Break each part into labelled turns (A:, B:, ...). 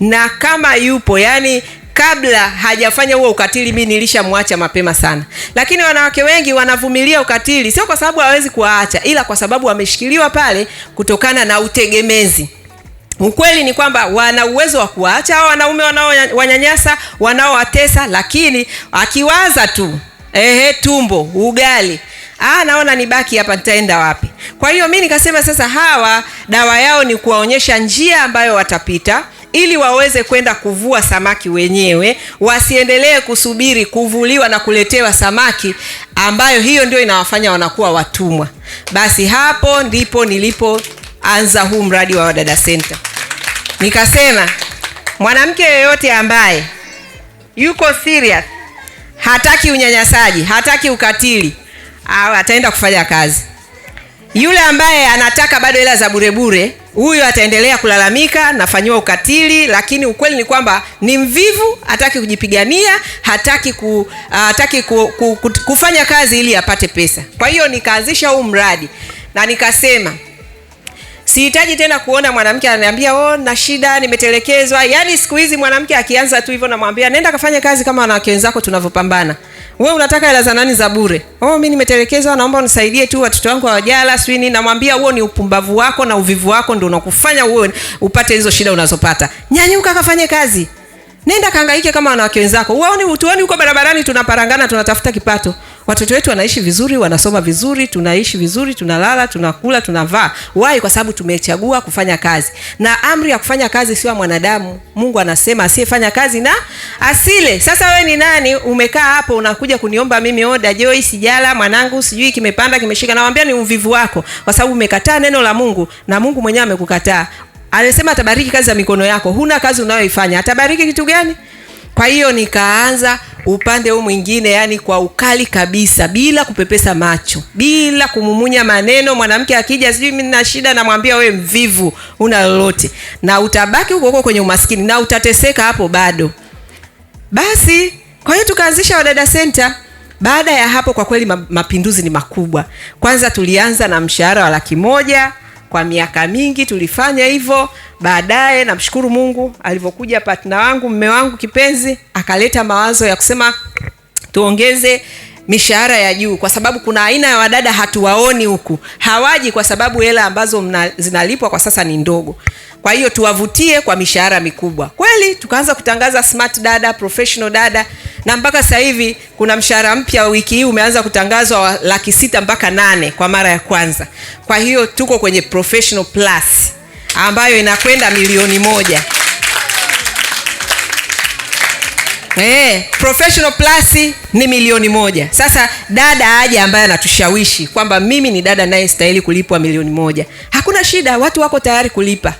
A: na kama yupo yani kabla hajafanya huo ukatili, mi nilishamwacha mapema sana. Lakini wanawake wengi wanavumilia ukatili, sio kwa sababu hawezi kuwaacha, ila kwa sababu wameshikiliwa pale kutokana na utegemezi. Ukweli ni kwamba wana uwezo wa kuwaacha hao wanaume wanaowanyanyasa, wanaowatesa, lakini akiwaza tu ehe, tumbo, ugali Ah, naona baki hapa, nitaenda wapi? Kwa hiyo mi nikasema sasa, hawa dawa yao ni kuwaonyesha njia ambayo watapita ili waweze kwenda kuvua samaki wenyewe, wasiendelee kusubiri kuvuliwa na kuletewa samaki ambayo hiyo ndio inawafanya wanakuwa watumwa. Basi hapo ndipo nilipoanza huu mradi wa Wadada Center. Nikasema mwanamke yeyote ambaye yuko serious, hataki unyanyasaji, hataki ukatili, ataenda kufanya kazi yule ambaye anataka bado hela za burebure, huyo ataendelea kulalamika, nafanyiwa ukatili, lakini ukweli ni kwamba ni mvivu, hataki kujipigania, hataki, ku, ah, hataki ku, ku, ku, kufanya kazi ili apate pesa. Kwa hiyo nikaanzisha huu mradi na nikasema Sihitaji tena kuona mwanamke ananiambia oh, na shida nimetelekezwa. Yaani siku hizi mwanamke akianza tu hivyo, namwambia nenda kafanya kazi kama wanawake wenzako tunavyopambana. Wewe unataka hela za nani za bure? Oh, mimi nimetelekezwa, naomba unisaidie tu, watoto wangu hawajala, sio nini. Namwambia huo ni upumbavu wako na uvivu wako ndio unakufanya wewe upate hizo shida unazopata. Nyanyuka kafanye kazi. Nenda kaangaike kama wanawake wenzako. Uwaoni utuoni huko barabarani tunaparangana tunatafuta kipato. Watoto wetu wanaishi vizuri, wanasoma vizuri, tunaishi vizuri, tunalala, tunakula, tunavaa. wai Kwa sababu tumechagua kufanya kazi. Na amri ya kufanya kazi sio mwanadamu. Mungu anasema asiyefanya kazi na asile. Sasa wewe ni nani? Umekaa hapo unakuja kuniomba mimi oda, Joy, sijala mwanangu, sijui kimepanda kimeshika. Nawaambia ni uvivu wako kwa sababu umekataa neno la Mungu na Mungu mwenyewe amekukataa. Anasema atabariki kazi za mikono yako. Huna kazi unayoifanya, atabariki kitu gani? Kwa hiyo nikaanza upande huu mwingine, yani kwa ukali kabisa, bila kupepesa macho, bila kumumunya maneno. Mwanamke akija, sijui mimi na shida, namwambia wewe mvivu, una lolote, na utabaki huko huko kwenye umaskini na utateseka hapo bado. Basi kwa hiyo tukaanzisha Wadada Center. Baada ya hapo, kwa kweli mapinduzi ni makubwa. Kwanza tulianza na mshahara wa laki moja. Kwa miaka mingi tulifanya hivyo. Baadaye namshukuru Mungu alivyokuja partner wangu, mme wangu kipenzi, akaleta mawazo ya kusema tuongeze mishahara ya juu, kwa sababu kuna aina ya wadada hatuwaoni huku, hawaji kwa sababu hela ambazo mna, zinalipwa kwa sasa ni ndogo. Kwa hiyo tuwavutie kwa mishahara mikubwa kweli. Tukaanza kutangaza smart dada, professional dada, na mpaka sasa hivi kuna mshahara mpya wiki hii umeanza kutangazwa laki sita mpaka nane kwa mara ya kwanza. Kwa hiyo tuko kwenye professional plus ambayo inakwenda milioni moja. Eh, professional plus ni milioni moja. Sasa dada aje ambaye anatushawishi kwamba mimi ni dada naye stahili kulipwa milioni moja, hakuna shida, watu wako tayari kulipa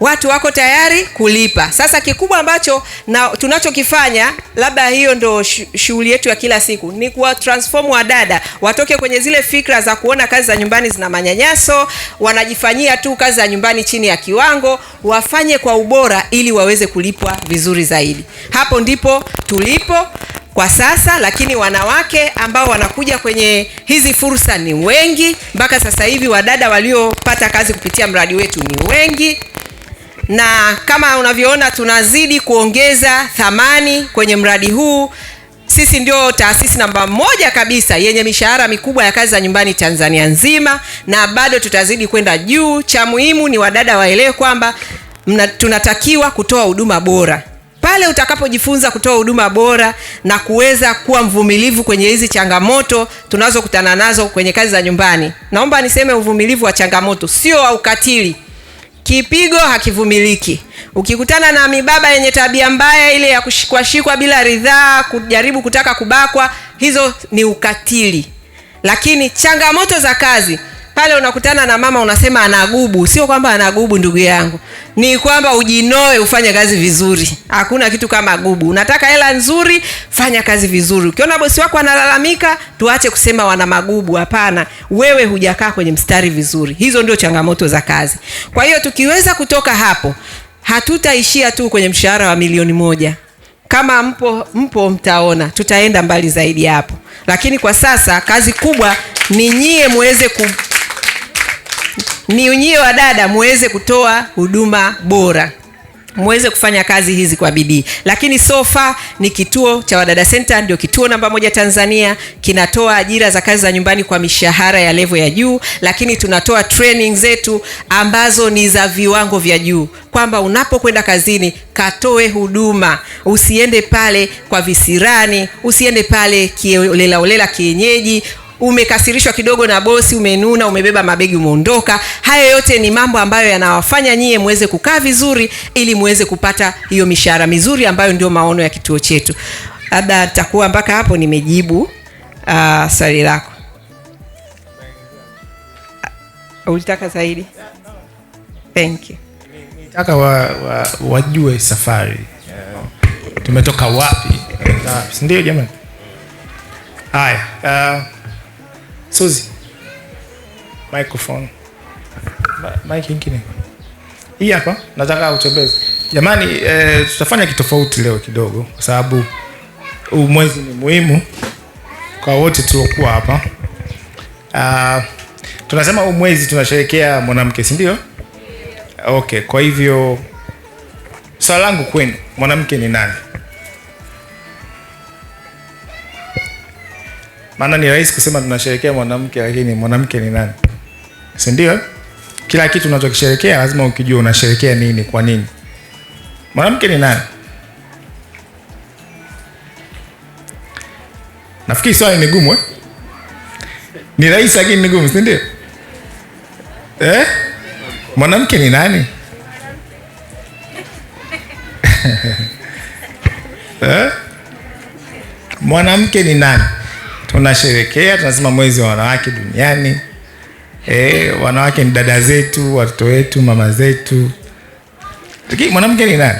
A: watu wako tayari kulipa. Sasa kikubwa ambacho na tunachokifanya labda hiyo ndo shughuli yetu ya kila siku ni kuwatransform wadada watoke kwenye zile fikra za kuona kazi za nyumbani zina manyanyaso, wanajifanyia tu kazi za nyumbani chini ya kiwango, wafanye kwa ubora ili waweze kulipwa vizuri zaidi. Hapo ndipo tulipo kwa sasa, lakini wanawake ambao wanakuja kwenye hizi fursa ni wengi. Mpaka sasa hivi wadada waliopata kazi kupitia mradi wetu ni wengi na kama unavyoona tunazidi kuongeza thamani kwenye mradi huu. Sisi ndio taasisi namba moja kabisa yenye mishahara mikubwa ya kazi za nyumbani Tanzania nzima, na bado tutazidi kwenda juu. Cha muhimu ni wadada waelewe kwamba mna, tunatakiwa kutoa huduma bora. Pale utakapojifunza kutoa huduma bora na kuweza kuwa mvumilivu kwenye hizi changamoto tunazokutana nazo kwenye kazi za nyumbani, naomba niseme uvumilivu wa changamoto sio wa ukatili Kipigo hakivumiliki. Ukikutana na mibaba yenye tabia mbaya ile ya kushikwashikwa bila ridhaa, kujaribu kutaka kubakwa, hizo ni ukatili. Lakini changamoto za kazi pale unakutana na mama unasema anagubu. Sio kwamba anagubu, ndugu yangu, ni kwamba ujinoe, ufanye kazi vizuri. Hakuna kitu kama gubu. Unataka hela nzuri, fanya kazi vizuri. Ukiona bosi wako analalamika, tuache kusema wana magubu. Hapana, wewe hujakaa kwenye mstari vizuri. Hizo ndio changamoto za kazi. Kwa hiyo tukiweza kutoka hapo, hatutaishia tu kwenye mshahara wa milioni moja. Kama mpo mpo, mtaona tutaenda mbali zaidi hapo, lakini kwa sasa kazi kubwa ni nyie muweze ku ni unyie wa dada muweze kutoa huduma bora muweze kufanya kazi hizi kwa bidii, lakini sofa ni kituo cha Wadada Center, ndio kituo namba moja Tanzania. Kinatoa ajira za kazi za nyumbani kwa mishahara ya levo ya juu, lakini tunatoa training zetu ambazo ni za viwango vya juu, kwamba unapokwenda kazini katoe huduma, usiende pale kwa visirani, usiende pale kiolelaolela kienyeji umekasirishwa kidogo na bosi, umenuna, umebeba mabegi, umeondoka. Hayo yote ni mambo ambayo yanawafanya nyie muweze kukaa vizuri, ili muweze kupata hiyo mishahara mizuri ambayo ndio maono ya kituo chetu. Labda takuwa mpaka hapo nimejibu ah, swali lako. Ah, ulitaka zaidi?
B: Thank you. Nitaka wajue wa, wajue safari tumetoka wapi, ah, si ndio jamani? Haya. Suzi, microphone mic hii hapa, nataka utembeze jamani. Eh, tutafanya kitofauti leo kidogo, kwa sababu huu mwezi ni muhimu kwa wote tuliokuwa hapa. Uh, tunasema huu mwezi tunasherekea mwanamke, si ndio? Okay, kwa hivyo swali langu kwenu, mwanamke ni nani? Maana ni rahisi kusema tunasherekea mwanamke, lakini mwanamke ni nani? Si ndio? Kila kitu unachokisherekea lazima ukijua unasherekea nini, kwa nini. Mwanamke ni nani? Nafikiri swali ni gumu eh? Ni rahisi lakini ni gumu, si ndio? Eh? Mwanamke ni nani? Eh? Mwanamke ni nani? tunasherekea, tunasema mwezi wa wanawake duniani. E, wanawake ni dada zetu, watoto wetu, mama zetu. Lakini mwanamke ni nani?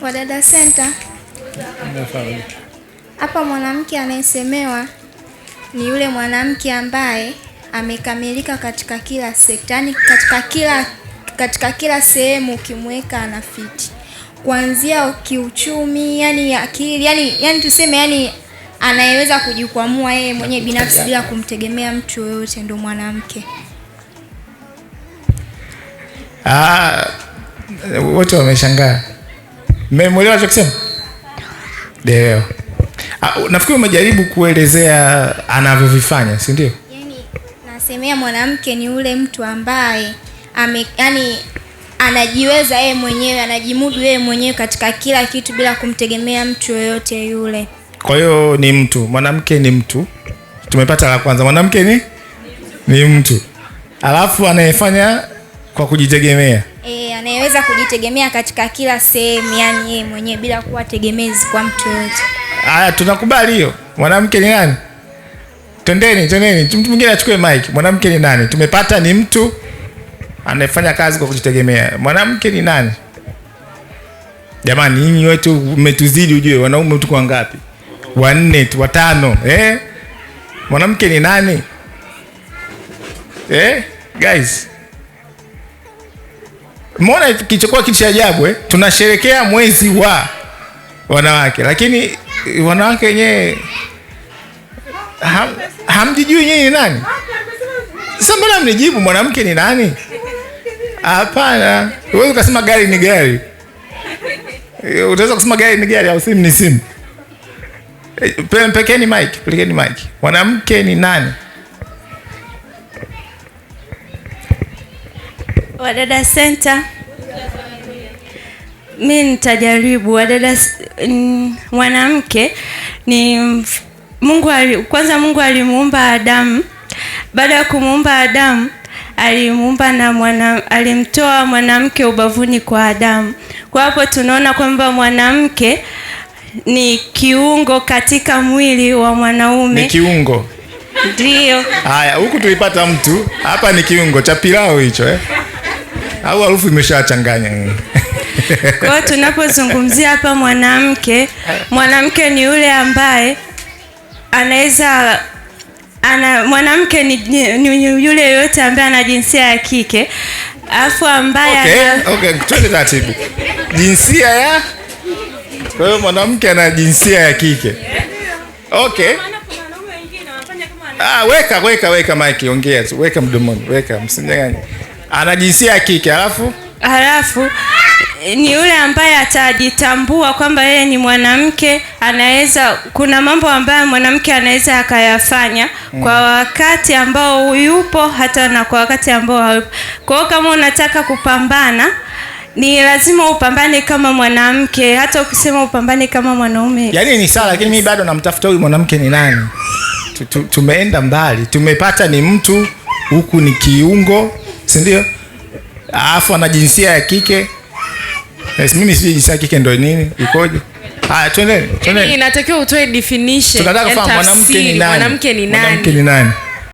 C: Wadada Center. Hapa mwanamke anayesemewa ni yule mwanamke ambaye amekamilika katika kila sekta, yani katika kila katika kila sehemu ukimweka anafiti, kuanzia kiuchumi, yani akili, yani yani tuseme yani anayeweza kujikwamua yeye mwenyewe binafsi bila kumtegemea mtu yoyote ndo mwanamke.
B: Ah, wote wameshangaa. Mmemwelewa alichokisema Deleo? Ah, nafikiri umejaribu kuelezea anavyovifanya, si ndio? Yaani
C: nasemea mwanamke ni ule mtu ambaye ame, yani anajiweza yeye mwenyewe, anajimudu yeye mwenyewe katika kila kitu bila kumtegemea mtu yoyote yule.
B: Kwa hiyo ni mtu, mwanamke ni mtu. Tumepata la kwanza, mwanamke ni ni mtu, alafu anayefanya kwa kujitegemea
C: e, anayeweza kujitegemea katika kila sehemu, yani yeye mwenyewe bila kuwa tegemezi kwa mtu yoyote.
B: Haya, tunakubali hiyo. Mwanamke ni nani? Twendeni, twendeni, mtu mwingine achukue mic. Mwanamke ni nani? Tumepata ni mtu anayefanya kazi kwa kujitegemea. Mwanamke ni nani? Jamani, nyinyi wetu mmetuzidi, ujue wanaume tuko wangapi? wanne tu watano eh? mwanamke ni nani eh? Guys, mona kilichokuwa kitu cha ajabu eh? tunasherekea mwezi wa wanawake, lakini wanawake wenyewe ham, hamjijui nyinyi ni nani? Sasa mbona mnijibu mwanamke ni nani? Hapana, huwezi ukasema gari ni gari. Utaweza kusema gari ni gari au simu ni simu. Eh, pekeni mic, pekeni mic. Mwanamke ni nani?
C: Wadada Center. Mi nitajaribu wadada. Mwanamke ni Mungu ali, kwanza Mungu alimuumba Adamu. Baada ya kumuumba Adamu alimuumba na mwana, alimtoa mwanamke ubavuni kwa Adamu. Kwa hapo tunaona kwamba mwanamke ni kiungo katika mwili wa mwanaume.
B: Ni kiungo ndio. Haya, huku tuipata mtu hapa, ni kiungo cha pilau hicho eh? au harufu imeshachanganya
C: kwa hiyo tunapozungumzia hapa mwanamke, mwanamke ni yule ambaye anaweza ana, mwanamke ni, ni, yule yoyote ambaye ana jinsia ya kike afu ambaye
B: okay, ana... okay, twende taratibu jinsia ya kwa hiyo mwanamke ana jinsia ya kike. Okay. Ah, weka weka weka mike, ongea tu, weka mdomoni, weka msinyang'anye. Ana jinsia ya kike halafu
C: halafu ni yule ambaye atajitambua kwamba yeye ni mwanamke, anaweza kuna mambo ambayo mwanamke anaweza akayafanya mm, kwa wakati ambao yupo hata na kwa wakati ambao hayupo. Kwa hiyo kama unataka kupambana ni lazima upambane kama mwanamke, hata ukisema upambane kama mwanaume.
B: Yaani ni sawa, lakini mimi bado namtafuta huyu mwanamke ni nani. Tumeenda mbali, tumepata ni mtu huku ni kiungo, si ndio? Alafu ana jinsia ya kike. Yes, mimi sijui jinsia ya kike ndio nini, ikoje? Haya, twende twendeni. Yaani
C: inatakiwa utoe definition.
B: Tunataka kufahamu mwanamke ni nani? Mwanamke ni nani?